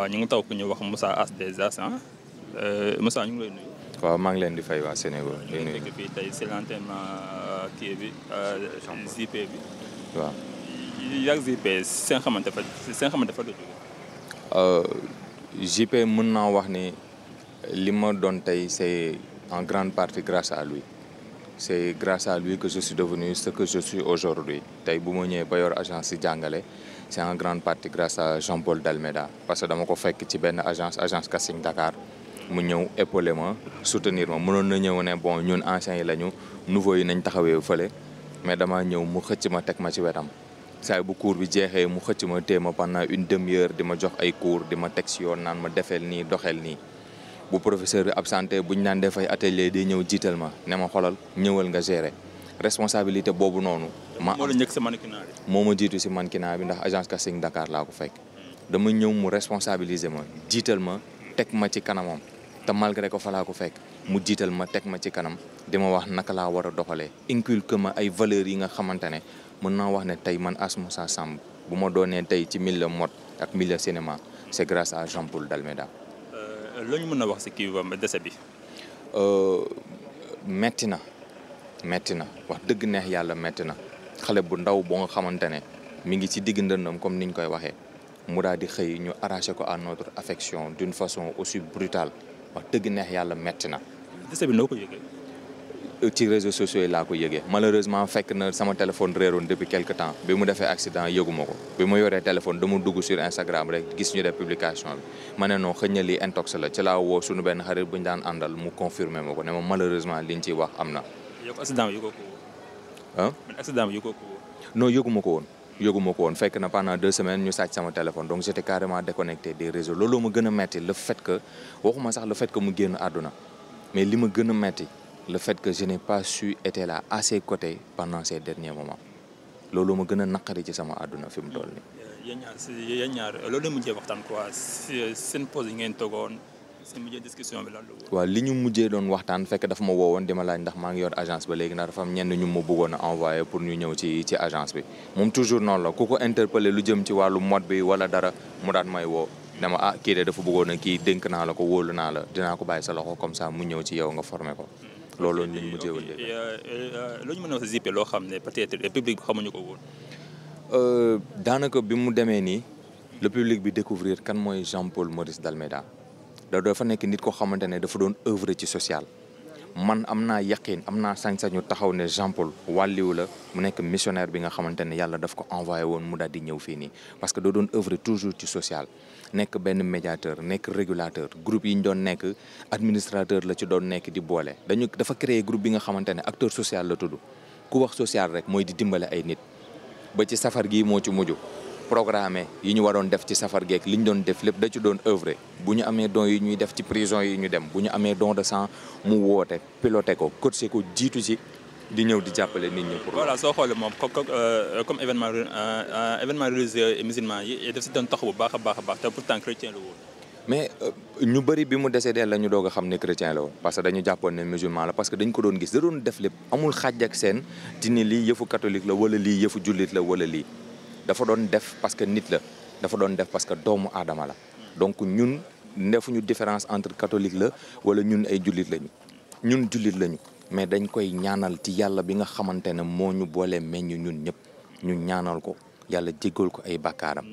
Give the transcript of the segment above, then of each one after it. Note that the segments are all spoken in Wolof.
waaw ñu ngi taw ku ñu wax Moussa As des As ah euh, Moussa ñu ngi lay nuyu. waaw maa ngi leen di fay waa Sénégal di nuyu. ñu euh, bi euh, JP bi. waaw. yàgg JP seen xamante fa seen xamante mën naa wax ni lima doon tey c'est en grande partie grâce à lui. c'est grâce à lui que je suis devenu ce que je suis aujourd'hui tey bu ma ñëwee ba yor agence si jàngale c'est en grande partie grâce à Jean-Paul Dalméda parce que dama ko fekk ci benn agence agence casting Dakar mu ñëw épaulé ma soutenir ma mënoon na ñëw ne bon ñun anciens yi lañu nouveaux yi nañ taxawee fale mais dama ñëw mu xëcc ma teg ma ci wetam saay bu cours bi jeexee mu xëcc ma téye ma pendant une demi-heure di ma jox ay cours di ma teg si yoon naan ma defeel nii doxeel nii bu professeur bi absenté bu ñu naan dafay atelier di ñëw jiital ma ne ma xoolal ñëwal nga gérer responsabilité boobu noonu. ma moo la njëkk si mannequinat bi. moo ma jiitu si mannequinat bi ndax agence casting Dakar laa ko fekk. dama ñëw mu responsabiliser ma jiital ma teg ma ci kanamam te malgré ko fa laa ko fekk mu jiital ma teg ma ci kanam di ma wax naka laa war a doxalee inculque ma ay valeurs yi nga xamante ne mën naa wax ne tey man As Moussa Samb bu ma doonee tey ci milieu mot ak milieu cinéma c'est grâce à Jean loo ñu mën a wax si kii dese bi. Euh, metti na metti na wax dëgg neex yàlla metti na xale bu ndaw boo nga xamante ne mi ngi ci digg ndëndam comme ni ñu koy waxee mu daal di xëy ñu arraché ko à notre affection d'une façon aussi brutale wax dëgg neex yàlla metti na. dese noo ko yëgee. ci réseaux sociaux yi laa ko yëgee malheureusement fekk na sama téléphone réeroon depuis quelque temps bi mu defee accident yëguma ko bi ma yoree téléphone dama dugg sur Instagram rek gis ñu def publication bi ma ne non xëy intox la ci laa woo suñu benn xarit bu ñu daan àndal mu confirmer ma ko ne ma malheureusement li ciy wax am na. yëg accident bi yëgoo ko woon. accident bi ko woon. non yëguma ko woon. yëguma ko woon fekk na pendant deux semaines ñu sàcc sama téléphone donc j'étais carrément déconnecté des réseaux loolu ma gën a metti le fait que waxuma sax le fait que mu génn àdduna mais li ma gën a metti le fait que je n'ai pas su été là à ses côtés pendant ces loolu ma gën a ci sama àdduna fi mu toll nii. yéen ñaar si yéen ñaar loolu la waxtaan quoi seen pause yi ngeen toogoon seen mujjee discussion bi la waaw li ñu mujjee doon waxtaan fekk dafa ma woowoon di ma laaj ndax maa ngi yor agence ba léegi ndax dafa am ñenn ñu mu bëggoon a envoyé pour ñu ñëw ci ci agence bi moom toujours noonu la ku ko interpellé lu jëm ci wàllu mode bi wala dara mu daan may woo. dama ah kii de dafa bëggoon kii dénk naa la ko wóolu naa la dinaa ko bàyyi sa loxo comme ça mu ñëw ci yow nga formé ko. Hmm. looloo ñu mujjee woon dégg euh, euh, loo ñu mën a wax loo xam ne peut-être le bi xamuñu ko woon. Euh, daanaka bi mu demee nii le public bi découvrir kan mooy Jean Paul Maurice D'Almeida da dafa nekk nit koo xamante ne dafa doon œuvre ci sociale man am naa yaqin am naa sañ-sañu taxaw ne Jean Paul la mu nekk missionaire bi nga xamante ne yàlla daf ko envoyé woon mu daal di ñëw fii nii parce que doo doon œuvre toujours ci social nekk benn médiateur nekk régulateur groupe yi ñu doon nekk administrateur la ci doon nekk di boole dañu dafa créer groupe bi nga xamante ne acteur social la tudd ku wax social rek mooy di dimbale ay nit ba ci safar gi moo ci mujj. programme yi ñu waroon def ci safar geek li ñu doon def lépp da ci doon euvre bu ñu amee don yi ñuy def ci prison yi ñu dem bu ñu amee don de sang mu woote piloté ko coaché ko jiitu ci di ñëw di jàppale nit ñi pour. voilà soo xoolee moom comme comme euh, événement euh, euh, événement religieux et musulman yi daf si doon taxaw bu baax a baax a baax te pourtant chrétien la woon. mais ñu bëri bi mu décédé la ñu doog a xam ne chrétien la woon parce que dañu jàppoon ne musulman la parce que dañ ko doon gis da def lépp amul xàjj ak lii yëfu catholique la wala lii yëfu jullit la wala lii. dafa doon def parce que nit la dafa doon def parce que doomu aadama la donc ñun defuñu différence entre catholique la wala ñun ay jullit lañu ñun jullit lañu mais dañ koy ñaanal ci yàlla bi nga xamante ne moo ñu boolee meññ ñun ñëpp ñu ñaanal ko yàlla jéggal ko ay bakkaaram.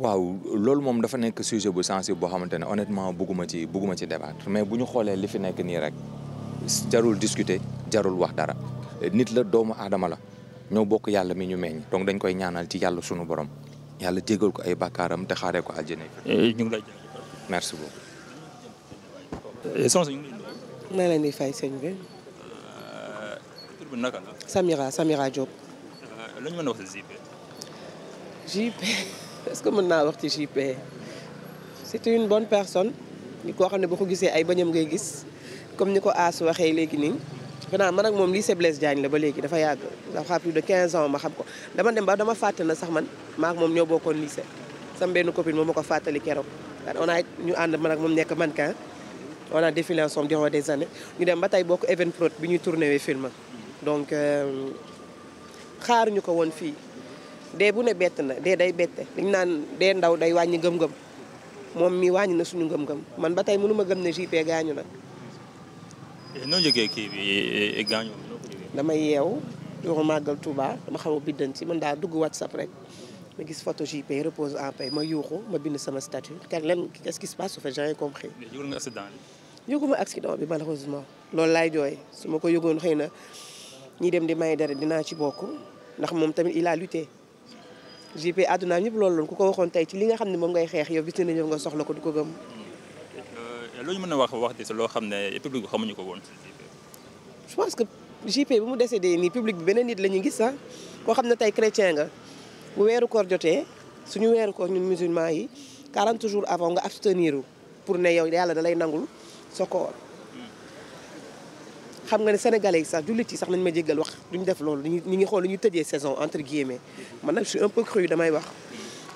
waaw loolu moom dafa nekk sujet bu sensible boo xamante ne honnêtement bugguma ci bugguma ci débattre mais bu ñu xoolee li fi nekk nii rek jarul discuter jarul wax dara. nit la doomu aadama la ñoo bokk yàlla mi ñu meññ donc dañ koy ñaanal ci yàlla sunu borom yàlla jéggal ko ay bàkkaaram te xaaree ko àjjana eh, ñu ngi lay merci beaucoup. Eh, soxna si ñu ngi lay leen di fay sëñ eh, Samira Samira Diop. lu ñu mën que mën naa wax ci JP. c'est une bonne personne. ni koo xam ne boo ko gisee ay bañam ngay gis comme ni ko Aas waxee léegi nii. xanaa man ak moom lycée Blaise Diagne la ba léegi dafa yàgg dafa plus de 15 ans ma xam ko dama dem ba dama fàtte na sax man maa ak moom ñoo bokkoon lycée sama benn copine moom ma ko fàttali keroog on a ñu ànd man ak moom nekk mannequin on a défilé ensemble durant des années ñu dem ba tey bokk event prod bi ñuy tourné film donc euh, xaaruñu ko woon fii dee bu ne bett na dee day bette dañu naan dee ndaw day wàññi gëm-gëm moom mi wàññi na suñu gëm-gëm man ba tey mënu gëm ne JP gaañu na Eh, noo jógee kii bi eh, eh, gaañu dama yeew yow màggal Touba dama xaw a biddan ci man daa dugg WhatsApp rek ma gis photo JP repose en paix ma yuuxu ma bind sama statut car len qu'est-ce qui se passe su fekkee j'ai compris. yëgul nga accident bi. yëguma accident bi loolu laay jooy su ma ko yëgoon xëy na ñi dem di may dara dinaa ci bokk ndax moom tamit il a lutté. JP àdduna ñëpp loolu loon ku ko waxoon tey ci li nga xam ne moom ngay xeex yow bis nañu nga soxla ko du ko gëm. loo ñu mën a wax wax ci loo xam ne public bi ko woon. je que JP bu mu décédé nii public beneen nit la ñu gis sax ah, koo xam ne tey chrétien nga bu weeru koor jotee suñu weeru koor ñun musulman yi quarante jours avant nga abstenir pour ne yow yàlla da lay nangul sa koor xam nga ne sénégalais yi sax jullit yi sax nañ ma jéggal wax duñ def loolu ñu ngi xool lu ñu tëjee saison entre guillemets man nag je suis un peu damay wax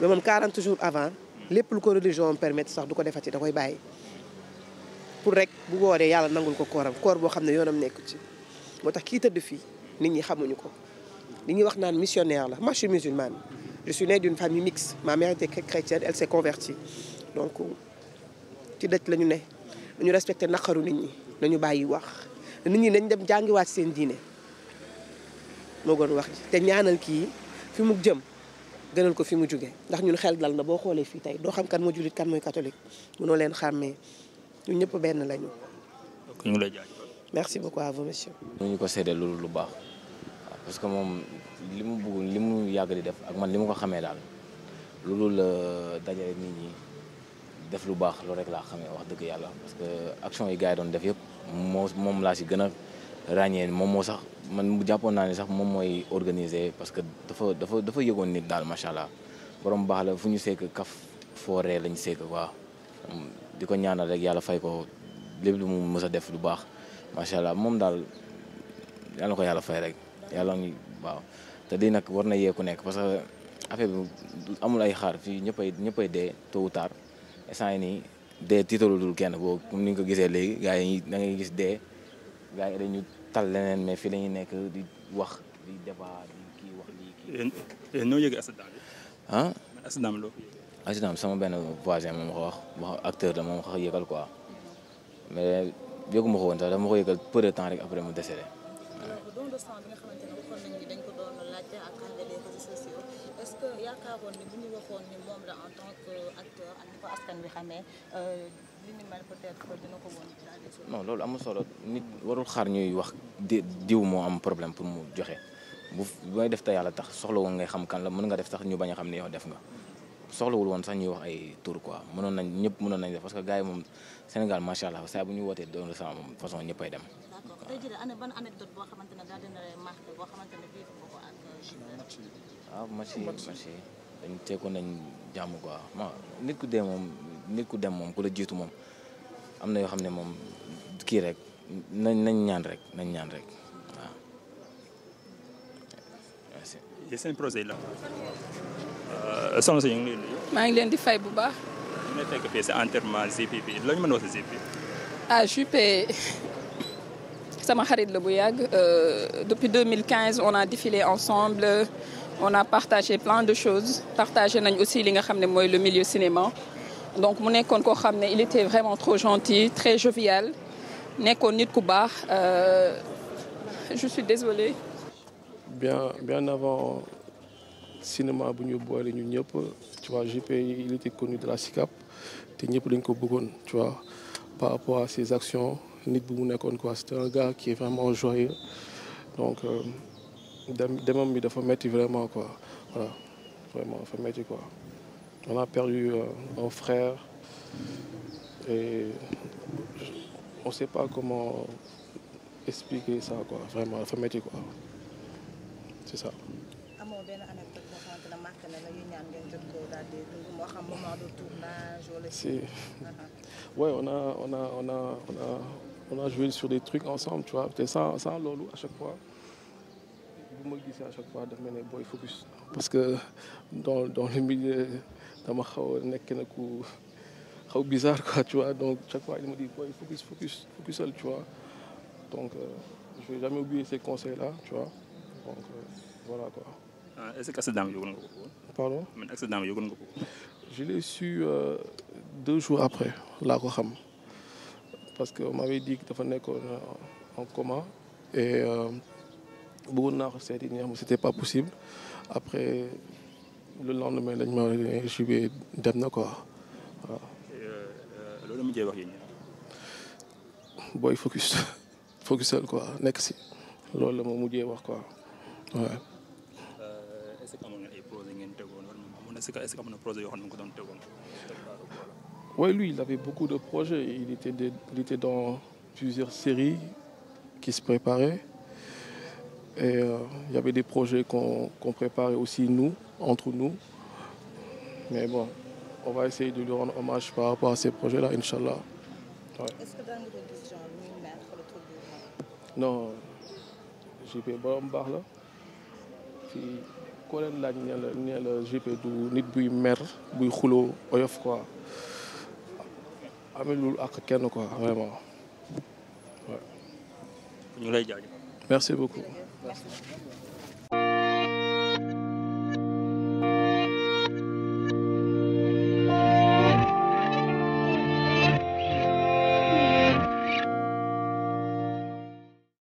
mais moom 40 jours avant lépp lu ko religion permettre sax du ko defati da koy bàyyi. pour rek bu wooree yàlla nangul ko kooram koor boo xam ne yoonam nekku ci moo tax kii tëdd fii nit ñi xamuñu ko li ñuy wax naan missionnaire la moi je suis musulmane je suis née d'une famille mixte ma mère était chrétienne elle s'est convertie donc ci dëj lañu ne dañu respecté naqaru nit ñi nañu bàyyi wax nit ñi nañ dem jàngiwaat seen diine moo gën wax ci te ñaanal kii fi mu jëm gënal ko fi mu jóge ndax ñun xel dal na boo xoolee fii tey doo xam kan moo jullit kan mooy catholique ñun ñëpp benn lañu. ñu ngi lay jaajëfal. merci beaucoup à vous ñu ko séddee loolu lu baax waaw parce que moom li mu bëgg li mu yàgg di def ak man li mu ko xamee daal loolu la dajale nit ñi def lu baax loolu rek laa xamee wax dëgg yàlla parce que action yi gars doon def yëpp moo moom laa si gën a ràññee moom moo sax man mu jàppoon naa ne sax moom mooy organiser parce que dafa dafa dafa yëgoon nit daal macha allah borom baax la fu ñu sekk kaf fooree lañ sekk waaw. di ko ñaanal rek yàlla fay ko lépp lu mu mës a def lu baax macha allah moom daal yàlla na ko yàlla fay rek yàlla ngi waaw te di nag war na yee ku nekk parce que affaire bi amul ay xaar fii ñëppay ñëppay dee tôt taar tard instant yi nii dee tiitalul kenn boo comme ni nga ko gisee léegi gaa yi da ngay gis dee gars yi dañu tal leneen mais fii la nekk di wax di débat di kii wax lii kii. noo yëgee accident accident bi sama benn voisin moom ko wax acteur la moom ko yëgal ma ko wax sax dama ko yëgal peu de ko doon laajte ak les ko askan bi xamee euh, li ni mel peut-être dina ko loolu amul solo nit warul xaar ñuy wax diw moo am problème pour mu joxe mu may def te yàlla tax soxla woon ngay xam kan la mën nga def sax ñu bañ a xam ne yow def nga. soxlawul woon sax ñuy wax ay tour quoi mënoon nañ ñëpp mënoon nañ def parce que gars yi moom Sénégal macha allah saa bu ñu wootee doon na moom façon ñëppay dem. d'accord tey jii waaw euh, ah, match yi dañ teekoon nañ jàmm quoi ma nit ku dee moom nit ku dem moom ku la jiitu moom am na yoo xam ne moom kii rek nañ nañ ñaan rek nañ ñaan rek waaw. projet la. Euh, soxna ñu maa ngi leen di fay bu baax. ñu ngi si enterrement ZP bi la a wax si ZP. ah xarit la bu yàgg euh, depuis 2015 on a défilé ensemble on a partagé plein de choses partagé nañ aussi li nga xam ne mooy le milieu cinéma. donc mu nekkoon koo xam ne il était vraiment trop gentil très jovial nekkoon nit ku baax euh, je suis désolée. bien bien avant. cinéma bu ñu boole ñun ñëpp tu vois JP il était connu de la SICAP te ñëpp dañ ko bëggoon tu vois par rapport à ses actions nit bu mu nekkoon quoi c'est un gars qui est vraiment joyeux donc euh, dem demam bi dafa metti vraiment ko vraiment dafa metti quoi on a perdu euh, un frère et on sait pas comment expliquer ça quoi vraiment dafa metti quoi c'est ça. xamante ne la ñuy ñaan ngeen jot ko daal de tournage si. oui on a on sur des trucs ensemble te sans loolu à chaque fois bu ma à chaque fois daf mel ne focus. parce que dans dans le milieu dama xaw a nekk na ku xaw bizarre quoi tu vois donc chaque fois il me dit focus focus focusal tu vois donc euh, je vais jamais oublier ces conseils là tu vois donc euh, voilà quoi. ah est-ce que accident bi yëgul nga su euh, deux jours après laa ko xam parce que on m'avait dit que dafa nekkoon euh, en coma et euh, bëggoon naa ko seeti ñi nga pas possible après le lendemain lañ ma jubee dem na quoi loolu la mujjee wax yi booy focus focusal quoi nekk si loolu la ma mujjee wax quoi est-ce que est-ce ko doon tegoon. oui lui il avait beaucoup de projets il était de, il était dans plusieurs séries qui se préparaient euh, il y avait des projets qu'on préparait aussi nous entre nous mais bon on va essayer de lui rendre hommage par rapport à ces projets-là inchallah ouais. est-ce que dans les décisions, non baax la koo leen laaj nee la nee GP du nit buy mer buy xuloo oyof quoi amilul ak kenn quoi vraiment waaw. ñu lay jaajëf. merci beaucoup.